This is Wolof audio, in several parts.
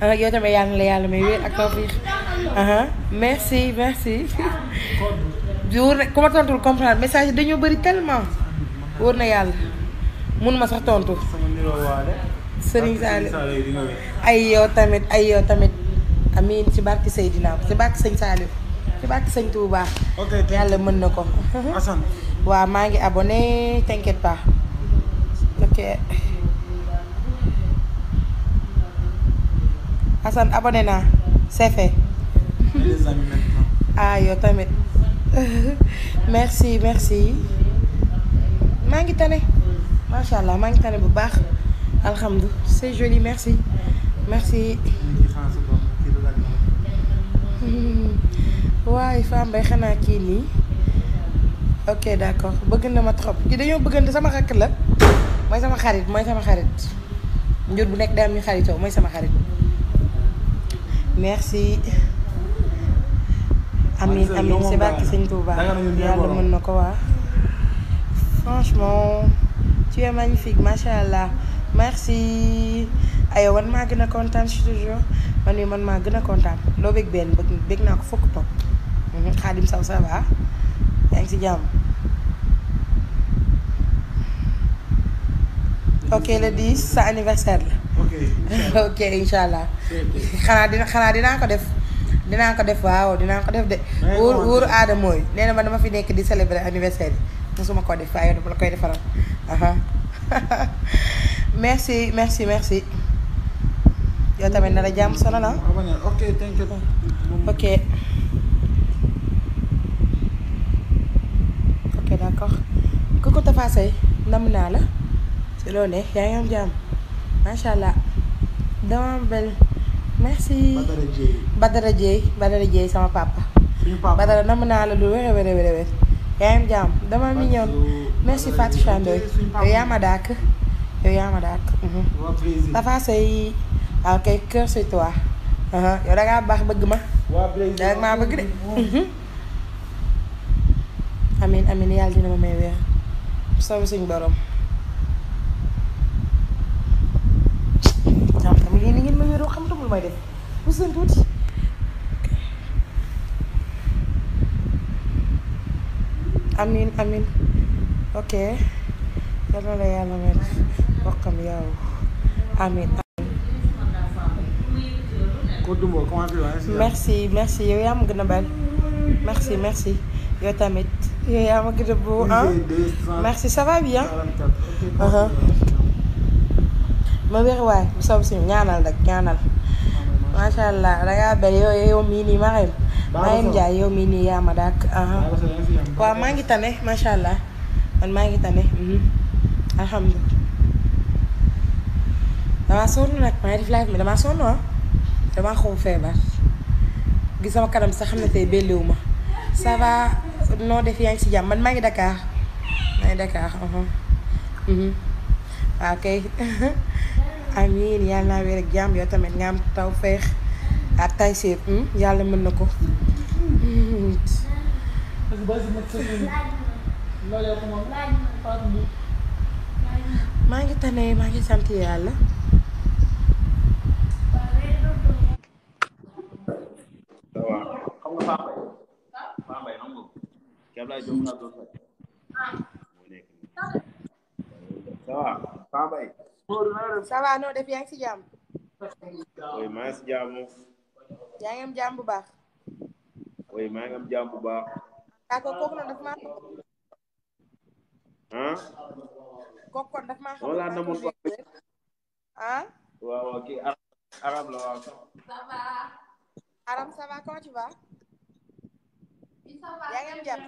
yow tamit yàlla na la yàlla may wér ak tawfiix merci merci. wóor na ku ma tontul comprendre message dañoo bëri tellement wóor na yàlla mun ma sax tontu. sëriñ Saali ay yow tamit ay yow tamit amiin si barki Seydina si barki sëñ Saaliw ci barki sëñ Touba. ok yàlla mën na ko. waa maa ngi abonné t'inquiète pas ok. Assane abonné naa c'est fait. ah yow tamit merci merci maa ngi tane macha allah maa ngi tane bu baax alxamdu c'est joli merci merci. waaye Fane Mbaye xanaa kii nii ok d'accord bëgg na ma trop ki dañoo bëggante sama rakk la mooy sama xarit mooy sama xarit njur bu nekk day am ñu xaritoo mooy sama xarit. merci amin amin si barki sëñ Touba yàlla mën na ko waa franchement tu es magnifique macha allah merci ayo man maa gën a kontaan si toujours man mii man maa gën a kontaan loo bëgg benn bëgg naa ko fokk topp mhm, xaadim saw ça va yaa ngi si jàmm ok le 10 sa anniversaire la ok incha allah xanaa dinaa ko def dinaa ko def waaw dinaa ko def de wóor wóoru aada mooy nee dama fi nekk di célébrer anniversaire yi ko def waaye dama la koy defaral aha merci merci merci yow tamit na la jàmm sonal ah ok thank you ok ok d'accord kooku Tafa nam naa la si loo ne yaa ngi am jàmm macha allah dama bel merci Badara Dieye Badara Dieye Badara Dieye sama papa. Badara naa la lu wér a wér a dama mi merci Fatou Chandoy yow yaa ma dàkk yow yaa ma dàkk. dafa sey waaw kay kër si toi yow da baax bëgg ma. da maa bëgg de. Mhm. amin amin yàlla dina ma may weer. soobu suñu borom. lu may def pousse leen tuuti amin amin la yàlla may def bokkam yow amin merci merci yow yaa ma gën a merci merci yow tamit yow yaa ma gën a beau ah merci ça va bien uh-huh. ma wér waay bu soob si ñaanal nag ñaanal macha allah dangaa bel yooyu yow mii nii Marème. Marème Ndiaye yow mii yaa ma dàkk. waaw maa ngi tane macha allah man maa ngi tane. Mhm. alhamdulilah. damaa sonn nag maa ngi def live mi damaa sonn ah damaa xaw feebar. gis sama kanam sax xam ne tey belliwu ma ça va def yaa ngi si jàmm man maa ngi Dakar maa ngi Dakar waaw kay. amiin yàlla naa wér ak jàmm yow tamit nga am taw feex ak tay seet hmm, yàlla mën na ko maa ngi tane maa ngi sant yàlla ça va noo def si jàmm. oui maa si jàmm. yaa ngi am jàmm bu baax. oui maa ngi am jàmm bu baax. d'accord kooku noonu daf maa. ah. kooku kon daf maa xam. wala na Aram la waaw. Aram va comment tu vas. yaa ngi am jàmm.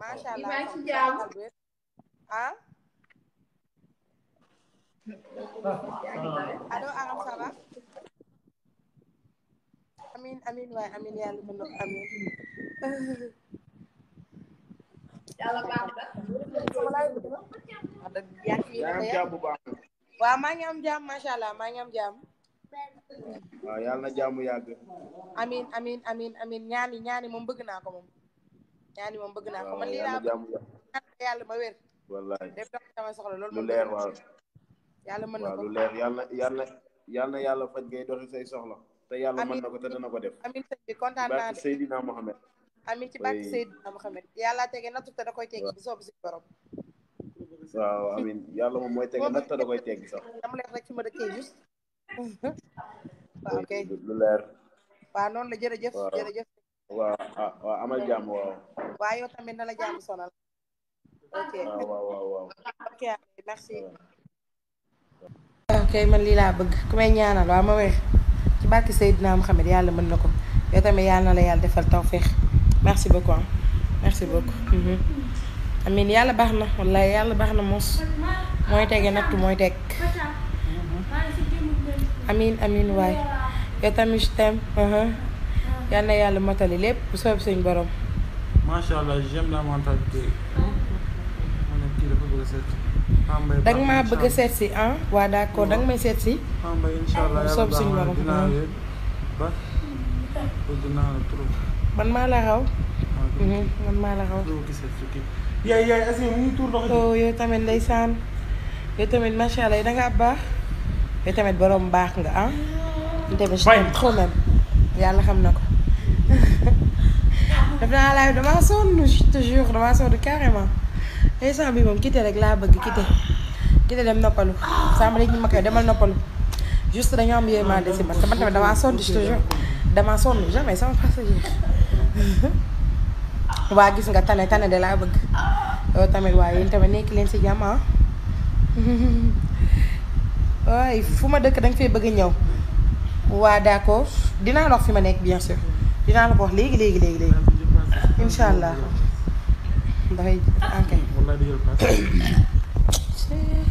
macha allah. ah. allo Aram ça va amin amin waaye amin yàlla mën na amin yàlla baax na waaw ngi am jàmm macha allah maa ngi am jàmm na jàmm yàgg amin amin amin amin ñaani ñaani moom bëgg naa ko moom ñaani moom bëgg naa ko man lii laa yàlla ma wér wallaay yàlla mën na ko lu leer yàlla yàlla yàlla yàlla faj ngay doxi say soxla. te yàlla mën na ko te dana ko def. amiin sëñ bi kontaan naa de Seydina Mohamed. yàlla tege nattu te da koy teggi bu soobu si borom. waaw amiin yàlla moom mooy tege nattu te da koy teggi sax. dama leer rek ci ma dëkkee juste. ok lu leer. waaw noonu la jërëjëf jërëjëf. waaw ah, waaw amal jàmm waaw. waaw ah, waaw waaw waaw. kay man lii laa bëgg ku may ñaanal waa ma wér ci barke Seydina Mohamed yàlla mën na ko yow tamit yàlla na la yàlla defal tawféex merci beaucoup merci beaucoup. Mhm. amiin yàlla baax na wallaay yàlla baax na mos mooy tege nag mooy teg amiin amiin waay yow tamit je t'aime mhm. na yàlla motali lépp bu soob suñ borom. danga maa bëgg a seet si ah waa d'accord danga may seet si soob suñ borom man maa la xaw mhm, man maa la xaw yaay yaay asi mu ngi oh, tamit ndeysaan yow tamit macha allah danga baax yow tamit borom baax nga ah tamit trop même yàlla xam na ko def naa laay damaa sonn je te jure carrément instant eh, bi moom kite rek laa bëgg kite kite dem noppalu sàmm rek ñu ma koy demal noppalu juste dañoo am yéemaande si man man tamit damaa sonn je te jure damaa sonn jamais sama waa gis nga tane tane de laa bëgg yow tamit waaye yéen tamit nekk leen si jàmm ah. waaye fu ma dëkk dañ fay bëgg ñëw waa d'accord dinaa la wax ma nekk bien sûr dinaa la léegi léegi léegi léegi incha dafay encay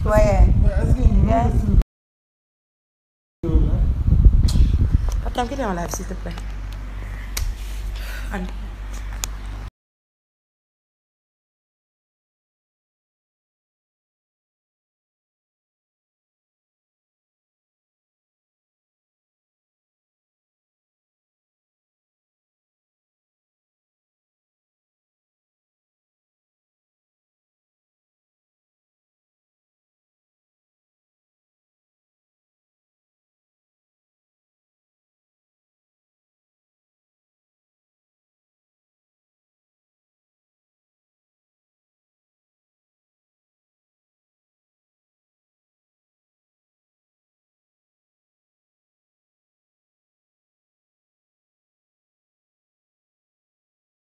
waaye Pape Thiam quitte ma live s'il te plaît